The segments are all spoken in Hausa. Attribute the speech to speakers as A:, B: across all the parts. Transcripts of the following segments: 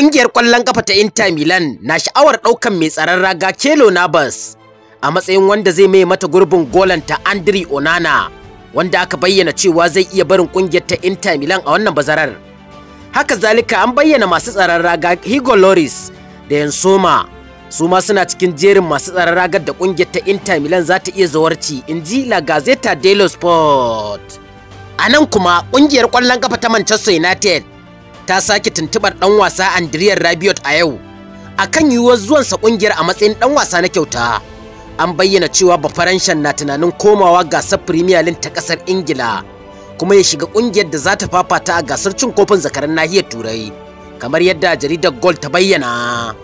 A: Ƙungiyar ƙwallon kafa ta Inter Milan na sha'awar ɗaukan mai tsaron raga Kelo Navas a matsayin wanda zai mai mata gurbin golan ta Andre Onana wanda aka bayyana cewa zai iya barin ƙungiyar ta Inter Milan a wannan bazarar. Haka zalika an bayyana masu tsaron raga Hugo Loris da Yansoma su ma suna cikin jerin masu tsaron ragar da ƙungiyar ta Inter Milan za ta iya zawarci in ji La Gazzetta dello Sport. A nan kuma ƙungiyar ƙwallon ƙafa ta Manchester United ta sake tuntubar ɗan wasa Andriyar Rabiot a yau akan yiwuwar zuwansa ƙungiyar a matsayin ɗan wasa na kyauta. An bayyana cewa Bafaranshan na tunanin komawa gasar Premier League ta ƙasar Ingila kuma ya shiga ƙungiyar da za ta fafata a gasar cin kofin zakaran nahiyar Turai kamar yadda jaridar Gold ta bayyana.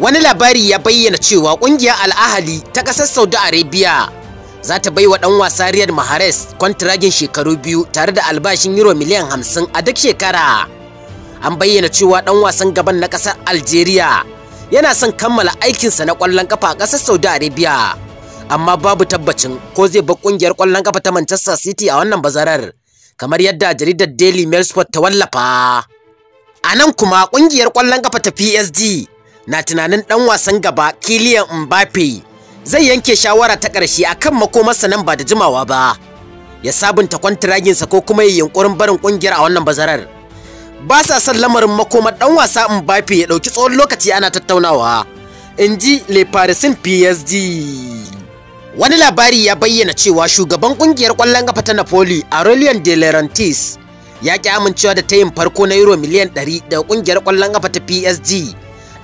A: Wani labari ya bayyana cewa ƙungiyar Al ta ƙasar Saudi Arabia za ta bai wa ɗan wasa Riyad Mahrez kwantiragin shekaru biyu tare da albashin euro miliyan hamsin a duk shekara. an bayyana cewa ɗan wasan gaban na kasar Algeria yana son kammala aikinsa na ƙwallon ƙafa a ƙasar Saudi Arabia. Amma babu tabbacin ko zai bar ƙungiyar ƙwallon ƙafa ta Manchester City a wannan bazarar, kamar yadda jaridar Daily Mail Sport ta wallafa. A nan kuma ƙungiyar ƙwallon ƙafa ta PSG na tunanin ɗan wasan gaba Kylian Mbappe zai yanke shawara ta ƙarshe akan makomarsa nan ba da jimawa ba. Ya sabunta kwantiraginsa ko kuma ya yunkurin barin ƙungiyar a wannan bazarar. ba sa son lamarin makomar dan wasa Mbappe ya dauki tsawon lokaci ana tattaunawa in ji Le Parisin PSG wani labari ya bayyana cewa shugaban kungiyar kwallon kafa ta Napoli Aurelien De Laurentiis ya ki amincewa da tayin farko na euro miliyan 100 daga kungiyar kwallon kafa ta PSG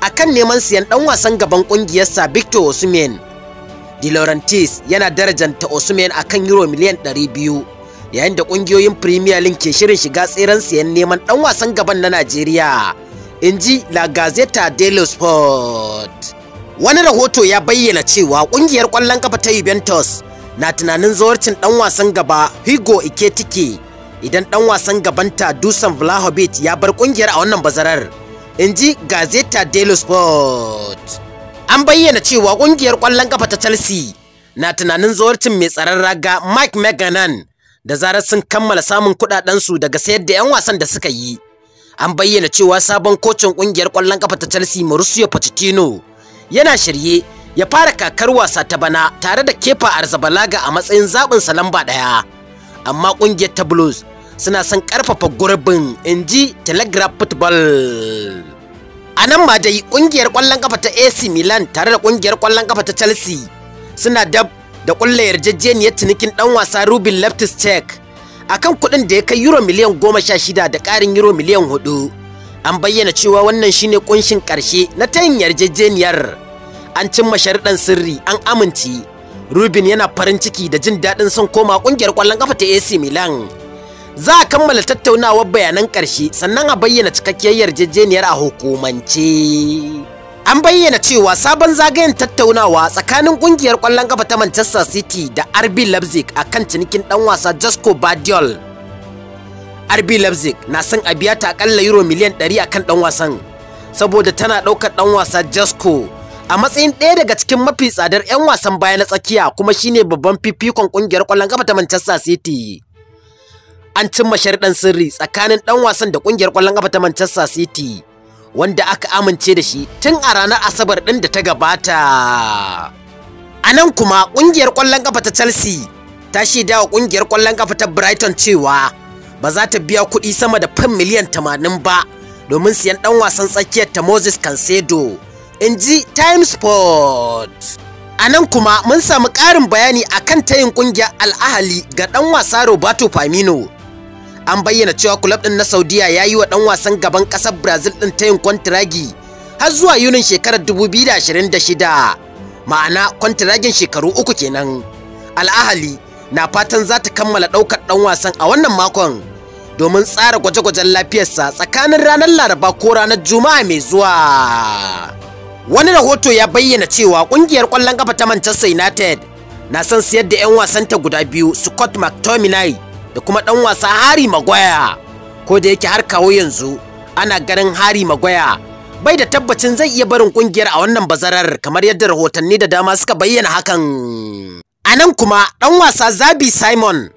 A: akan neman siyan dan wasan gaban kungiyarsa Victor Osimhen De Laurentiis yana darajanta Osimhen akan euro miliyan 200 yayin da kungiyoyin premier league ke shirin shiga tseren siyan neman dan wasan gaban na najeriya in ji la gazeta dello sport wani rahoto ya bayyana cewa kungiyar kwallon kafa ta juventus na tunanin zawarcin dan wasan gaba hugo iketike idan dan wasan gabanta dusan vlahovic ya bar kungiyar a wannan bazarar inji ji gazeta dello sport an bayyana cewa kungiyar kwallon kafa ta chelsea na tunanin zawarcin mai tsaron raga mike Maganan. da zarar sun kammala samun kuɗaɗensu daga sayar da 'yan wasan da suka yi an bayyana cewa sabon kocin ƙungiyar ƙwallon ƙafa ta chelsea mauricio pochettino yana shirye ya fara kakar wasa ta bana tare da kefa arzabalaga a matsayin zaɓin sa lamba ɗaya amma ƙungiyar ta blues suna son ƙarfafa gurbin inji telegraph football a nan ma dai ƙungiyar ƙwallon ƙafa ta ac milan tare da ƙungiyar ƙwallon ƙafa ta chelsea suna dab da kulla yarjejeniyar tunikin ɗan wasa Rubin Leftis Check akan kuɗin da ya kai euro miliyan goma sha shida da karin euro miliyan huɗu, An bayyana cewa wannan shine kunshin karshe na tayin yarjejeniyar. An cimma sharuɗan sirri an amince. Rubin yana farin ciki da jin daɗin son koma ƙungiyar kwallon ƙafa ta AC Milan. Za a kammala tattaunawar bayanan karshe sannan a bayyana cikakkiyar yarjejeniyar a hukumance. an bayyana cewa sabon zagayen tattaunawa tsakanin kungiyar kwallon kafa ta Manchester City da RB Leipzig a kan cinikin dan wasa Josko Badiol. RB Leipzig na son a biya ta akalla euro miliyan 100 kan dan wasan saboda tana daukar dan wasa Josko a matsayin ɗaya daga cikin mafi tsadar 'yan wasan baya na tsakiya kuma shine babban fifikon kungiyar kwallon kafa ta Manchester City. An cimma sharɗan sirri tsakanin dan wasan da kungiyar kwallon kafa ta Manchester City. wanda aka amince da shi tun a ranar asabar ɗin da ta gabata a nan kuma ƙungiyar ƙwallon ƙafa ta chelsea ta shaida wa ƙungiyar ƙwallon ƙafa ta brighton cewa ba za ta biya kuɗi sama da fan miliyan 80 ba domin siyan ɗan wasan tsakiyar ta moses cancedo in ji sport a nan kuma mun samu ƙarin bayani akan tayin ƙungiyar al'ahali ga ɗan wasa roberto famino an bayyana cewa club ɗin na Saudiya ya yi wa ɗan wasan gaban ƙasar Brazil din tayin kwantiragi har zuwa Yunin shekarar 2026 ma'ana kwantiragin shekaru uku kenan al'ahali na fatan za ta kammala ɗaukar ɗan wasan a wannan makon domin tsara gwaje-gwajen lafiyarsa tsakanin ranar Laraba ko ranar Juma'a mai zuwa wani rahoto ya bayyana cewa ƙungiyar kwallon ƙafa ta Manchester United na son siyar da 'yan wasanta guda biyu Scott McTominay da kuma ɗan wasa Hari Magwaya, Ko da yake har kawo yanzu ana ganin Hari Magwaya, bai da tabbacin zai iya barin kungiyar a wannan bazarar kamar yadda rahotanni da dama suka bayyana hakan. A nan kuma ɗan wasa Zabi Simon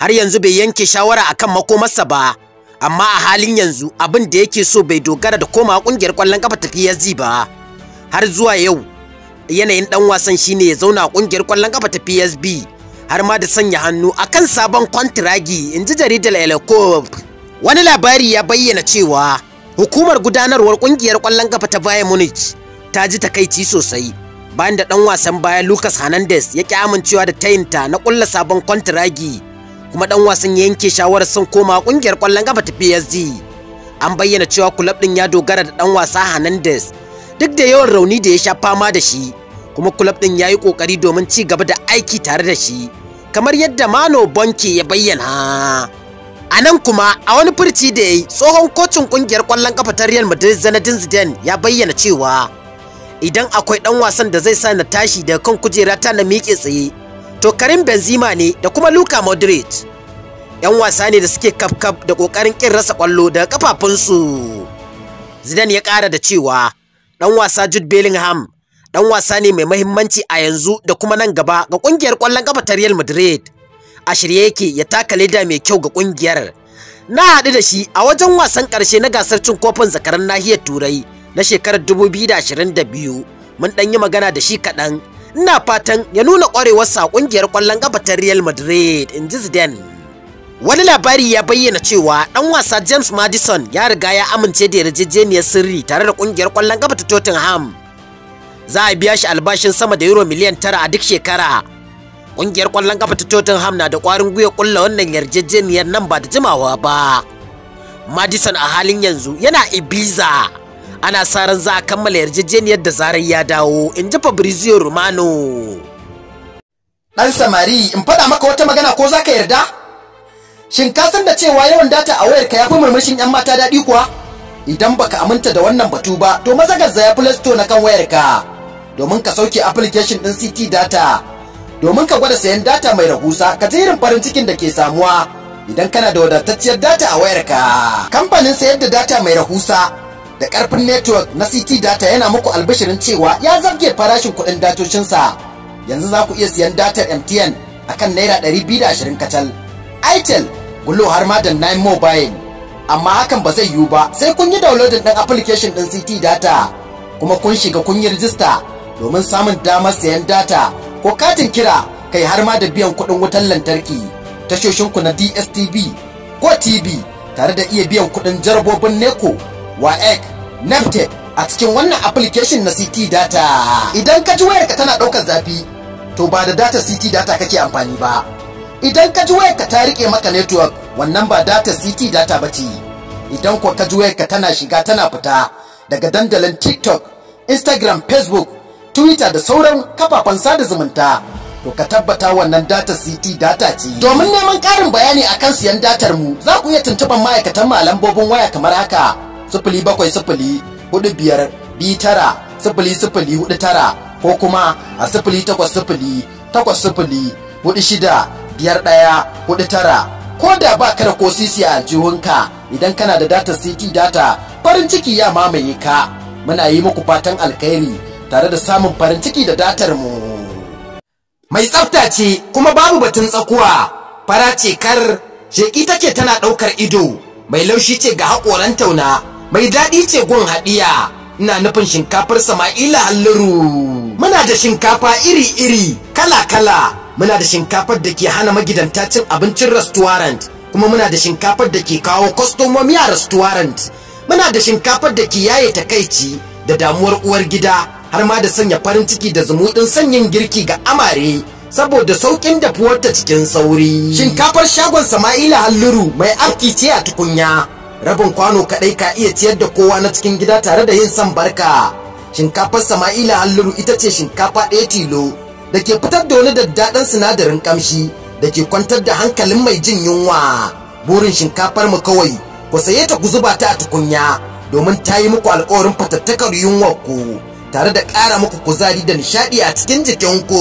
A: har yanzu bai yanke shawara a kan makomarsa ba. Amma a halin yanzu abin da yake so bai dogara da koma kungiyar ƙwallon ƙafa ta PSG ba. Har zuwa yau yanayin ɗan wasan shine ya zauna a kungiyar ƙwallon ƙafa ta PSB. har ma da sanya hannu akan sabon kwantiragi in ji jaridar Elekob. Wani labari ya bayyana cewa hukumar gudanarwar kungiyar kwallon kafa ta bayan Munich ta ji takaici sosai bayan da dan wasan baya Lucas Hernandez ya ki amincewa da tayinta na kulla sabon kwantiragi kuma dan wasan ya yanke shawarar son koma kungiyar kwallon kafa ta PSG. An bayyana cewa kulab din ya dogara da dan wasa Hernandez duk da yawan rauni da ya sha fama da shi. kuma kulab ɗin ya yi ƙoƙari domin ci gaba da aiki tare da shi kamar yadda mano bonke ya bayyana a nan kuma a wani furci da ya yi tsohon kocin ƙungiyar ƙwallon ƙafa ta real madrid zanadin zidane ya bayyana cewa idan akwai ɗan wasan da zai sa na tashi daga kan kujera ta na miƙe tsaye to karim benzema ne da kuma luka modric 'yan wasa ne da suke kafkaf da ƙoƙarin ƙin rasa ƙwallo daga kafafunsu. Zidane ya ƙara da cewa ɗan wasa Jude Bellingham dan wasa ne mai mahimmanci a yanzu da kuma nan gaba ga kungiyar kwallon kafa ta Real Madrid a shirye yake ya taka leda mai kyau ga kungiyar na haɗu da shi a wajen wasan ƙarshe na gasar cin kofin zakaran nahiyar turai na shekarar 2022 mun ɗan yi magana da shi kaɗan ina fatan ya nuna ƙwarewarsa a ƙungiyar kwallon kafa ta Real Madrid in ji Wani labari ya bayyana cewa ɗan wasa James Madison ya riga ya amince da yarjejeniyar sirri tare da ƙungiyar kwallon kafa ta Tottenham za a biya shi albashin sama da euro miliyan tara a duk shekara ƙungiyar ƙwallon kafa ta Tottenham na da ƙwarin gwiwa ƙulla wannan yarjejeniyar nan ba da jimawa ba Madison a halin yanzu yana Ibiza ana sa ran za a kammala yarjejeniyar da zarar ya dawo in ji Fabrizio Romano Dan samari in faɗa maka wata magana ko za ka yarda Shin ka san da cewa yawan data a wayarka ya fi murmushin 'yan mata daɗi kuwa? Idan baka aminta da wannan batu ba, to maza ya fi na kan wayarka. domin ka sauke application ɗin CT data domin ka gwada sayan data mai rahusa ka ji irin farin cikin da ke samuwa idan kana da wadatacciyar data a wayarka. Kamfanin sayar da data mai rahusa da ƙarfin network na CT data yana muku albashirin cewa ya zarge farashin kuɗin datocinsa. Yanzu za ku iya siyan datar MTN a kan Naira 220 kacal. Itel, Gulo har ma da Nine Mobile. Amma hakan ba zai yiwu ba sai kun yi downloading ɗin application ɗin CT data kuma kun shiga kun yi rijista domin samun damar sayan data ko katin kira kai har ma da biyan kuɗin wutar lantarki ta shoshinku na DSTV ko TV tare da iya biyan kuɗin jarabobin NECO, WAEC, NEPTEC a cikin wannan application na CT data. Idan ka ji wayarka tana ɗaukar zafi, to ba da data CT data kake amfani ba. Idan ka ji wayarka ta riƙe maka network, wannan ba data CT data ba ce. Idan ko ka ji wayarka tana shiga tana fita daga dandalin TikTok, Instagram, Facebook, twitter da sauran kafafen sada zumunta to ka tabbata wannan data ct data ce domin neman ƙarin bayani akan siyan datar mu za ku iya tuntuɓar ma'aikatan malambobin waya kamar haka sifili ko kuma a sifili takwas 9. ko da ba ka da ko sisi a aljihunka idan kana da data city data farin ciki ya mamaye ka muna yi muku fatan alkhairi tare da samun farin ciki da datar mu mai tsafta ce kuma babu batun tsakuwa fara ce kar sheki take tana ɗaukar ido mai laushi ce ga haƙoran tauna mai daɗi ce gun haɗiya ina nufin shinkafar sama'ila halluru muna da shinkafa iri-iri kala-kala muna da shinkafar da ke hana magidanta cin abincin restaurant kuma muna da shinkafar da ke kawo kwastomomi a restaurant muna da shinkafar da ke yaye takaici da damuwar uwar gida har ma da sanya farin ciki da zumuɗin sanyin girki ga amare saboda saukin dafuwarta cikin sauri shinkafar shagon sama'ila halluru mai afki ce a tukunya rabin kwano kaɗai ka iya ciyar da kowa na cikin gida tare da yin san barka shinkafar sama'ila halluru ita ce shinkafa ɗaya tilo da ke fitar da wani daddaɗan sinadarin ƙamshi da ke kwantar da hankalin mai jin yunwa burin shinkafar mu kawai ku saye ta ku zuba ta a tukunya domin ta yi muku alƙawarin fatattakar yunwa ku tare da ƙara muku kuzari da nishaɗi a cikin jikinku.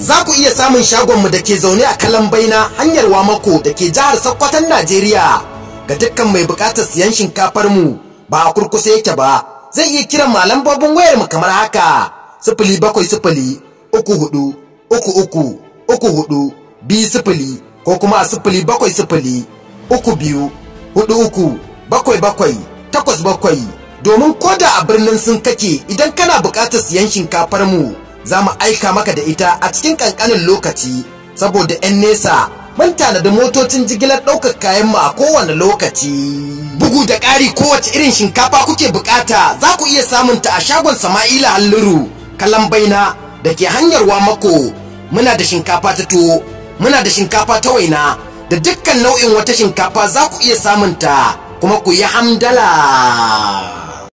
A: Za ku iya samun shagonmu da ke zaune a kalan baina hanyar Wamako da ke jihar Sokoton Najeriya. Ga dukkan mai buƙatar siyan shinkafar mu ba a kurkusa yake ba, zai iya kiran malam babun wayar mu kamar haka. Sifili bakwai sifili uku hudu uku uku uku hudu biyu sifili ko kuma a sifili bakwai sifili uku biyu hudu uku bakwai bakwai takwas bakwai domin koda a birnin sun kake idan kana buƙatar siyan shinkafar mu za mu aika maka da ita a cikin ƙanƙanin lokaci saboda 'yan nesa mun tanadi motocin jigilar ɗaukar kayan mu a kowane lokaci bugu da ƙari kowace irin shinkafa kuke buƙata za ku iya ta a shagon sama'ila halluru kalan baina da ke hanyar mako muna da shinkafa ta tuwo muna da shinkafa ta waina da dukkan nau'in wata shinkafa za ku iya samun ta kuma ku yi hamdala